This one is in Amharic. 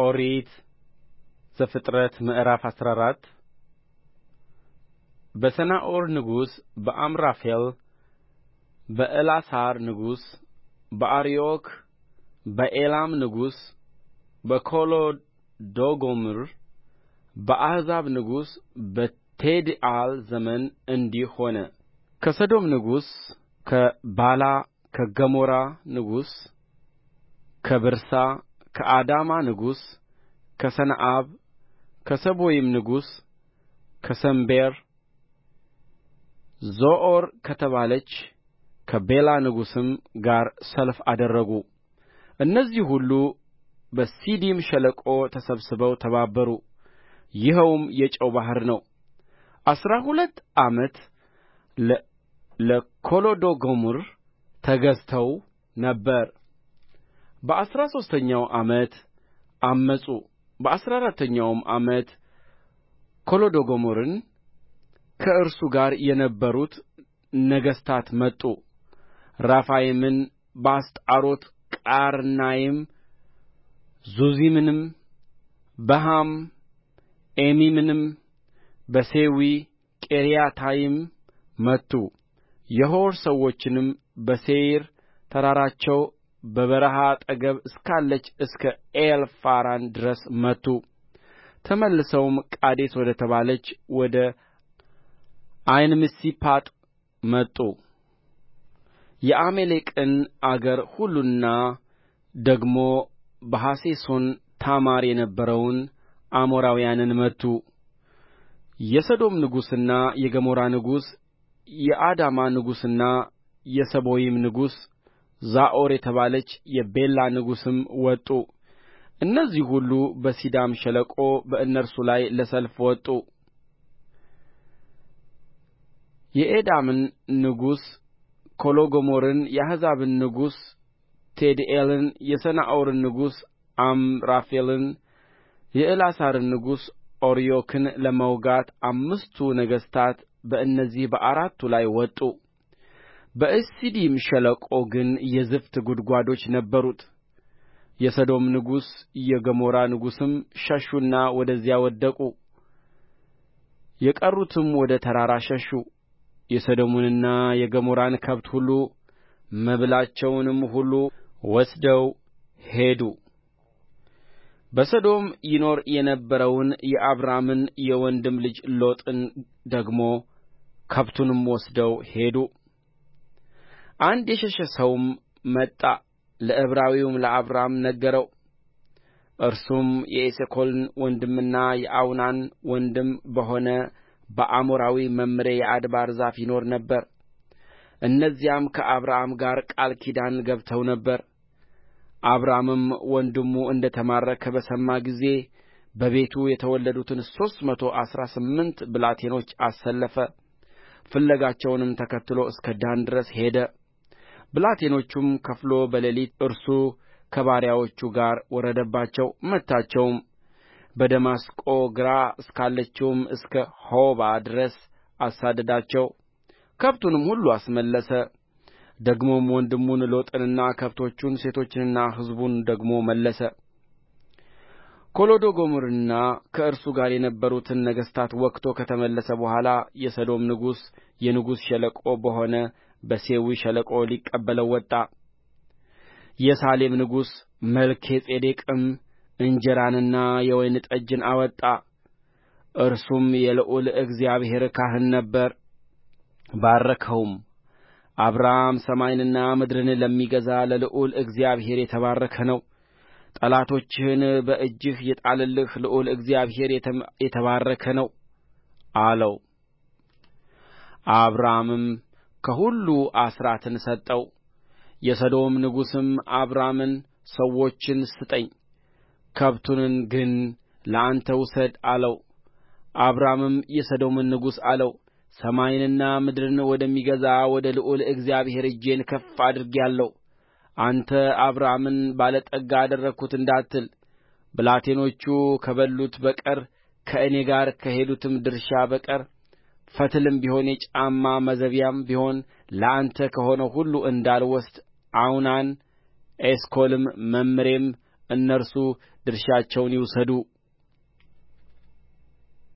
ኦሪት ዘፍጥረት ምዕራፍ አስራ አራት በሰናዖር ንጉሥ በአምራፌል በእላሳር ንጉሥ በአርዮክ በኤላም ንጉሥ በኮሎዶጎምር በአሕዛብ ንጉሥ በቲድዓል ዘመን እንዲህ ሆነ ከሰዶም ንጉሥ ከባላ ከገሞራ ንጉሥ ከብርሳ ከአዳማ ንጉሥ ከሰነአብ ከሰቦይም ንጉሥ ከሰሜበር ዞዓር ከተባለች ከቤላ ንጉሥም ጋር ሰልፍ አደረጉ እነዚህ ሁሉ በሲዲም ሸለቆ ተሰብስበው ተባበሩ ይኸውም የጨው ባሕር ነው አሥራ ሁለት ዓመት ለኮሎዶጎምር ተገዝተው ነበር በአሥራ ሦስተኛው ዓመት ዐመፁ በአሥራ አራተኛውም ዓመት ኮሎዶጎምርን ከእርሱ ጋር የነበሩት ነገሥታት መጡ ራፋይምን በአስጣሮት ቃርናይም ዙዚምንም በሃም ኤሚምንም በሴዊ ቂርያታይም መቱ የሖር ሰዎችንም በሴይር ተራራቸው በበረሃ አጠገብ እስካለች እስከ ኤልፋራን ድረስ መቱ ተመልሰውም ቃዴስ ወደ ተባለች ወደ ዓይንሚስፓጥ መጡ የአማሌቅን አገር ሁሉና ደግሞ በሐሴሶን ታማር የነበረውን አሞራውያንን መቱ የሰዶም ንጉሥና የገሞራ ንጉሥ የአዳማ ንጉሥና የሰቦይም ንጉሥ ዞዓር የተባለች የቤላ ንጉሥም ወጡ እነዚህ ሁሉ በሲዲም ሸለቆ በእነርሱ ላይ ለሰልፍ ወጡ የኤላምን ንጉሥ ኮሎዶጎምርን የአሕዛብን ንጉሥ ቲድዓልን የሰናዖርን ንጉሥ አምራፌልን የእላሳርን ንጉሥ አርዮክን ለመውጋት አምስቱ ነገሥታት በእነዚህ በአራቱ ላይ ወጡ በእሲዲም ሸለቆ ግን የዝፍት ጕድጓዶች ነበሩት የሰዶም ንጉሥ የገሞራ ንጉሥም ሸሹና ወደዚያ ወደቁ የቀሩትም ወደ ተራራ ሸሹ የሰዶምንና የገሞራን ከብት ሁሉ መብላቸውንም ሁሉ ወስደው ሄዱ በሰዶም ይኖር የነበረውን የአብራምን የወንድም ልጅ ሎጥን ደግሞ ከብቱንም ወስደው ሄዱ አንድ የሸሸ ሰውም መጣ ለዕብራዊውም ለአብራም ነገረው እርሱም የኤሴኮልን ወንድምና የአውናን ወንድም በሆነ በአሞራዊ መምሬ የአድባር ዛፍ ይኖር ነበር እነዚያም ከአብራም ጋር ቃል ኪዳን ገብተው ነበር አብራምም ወንድሙ እንደ ተማረከ በሰማ ጊዜ በቤቱ የተወለዱትን ሦስት መቶ አሥራ ስምንት ብላቴኖች አሰለፈ ፍለጋቸውንም ተከትሎ እስከ ዳን ድረስ ሄደ ብላቴኖቹም ከፍሎ በሌሊት እርሱ ከባሪያዎቹ ጋር ወረደባቸው መታቸውም በደማስቆ ግራ እስካለችውም እስከ ሖባ ድረስ አሳደዳቸው ከብቱንም ሁሉ አስመለሰ ደግሞም ወንድሙን ሎጥንና ከብቶቹን ሴቶቹንና ሕዝቡን ደግሞ መለሰ ኮሎዶጎምርና ከእርሱ ጋር የነበሩትን ነገሥታት ወግቶ ከተመለሰ በኋላ የሰዶም ንጉሥ የንጉሥ ሸለቆ በሆነ በሴዊ ሸለቆ ሊቀበለው ወጣ የሳሌም ንጉሥ መልከ ጼዴቅም እንጀራንና የወይን ጠጅን አወጣ እርሱም የልዑል እግዚአብሔር ካህን ነበረ ባረከውም አብርሃም ሰማይንና ምድርን ለሚገዛ ለልዑል እግዚአብሔር የተባረከ ነው ጠላቶችህን በእጅህ የጣለልህ ልዑል እግዚአብሔር የተባረከ ነው አለው አብራምም ከሁሉ አሥራትን ሰጠው የሰዶም ንጉሥም አብራምን ሰዎችን ስጠኝ ከብቱን ግን ለአንተ ውሰድ አለው አብራምም የሰዶምን ንጉሥ አለው ሰማይንና ምድርን ወደሚገዛ ወደ ልዑል እግዚአብሔር እጄን ከፍ አድርጌአለሁ አንተ አብራምን ባለጠጋ አደረግሁት እንዳትል ብላቴኖቹ ከበሉት በቀር ከእኔ ጋር ከሄዱትም ድርሻ በቀር ፈትልም ቢሆን የጫማ ማዘቢያም ቢሆን ለአንተ ከሆነው ሁሉ እንዳልወስድ አውናን ኤስኮልም መምሬም እነርሱ ድርሻቸውን ይውሰዱ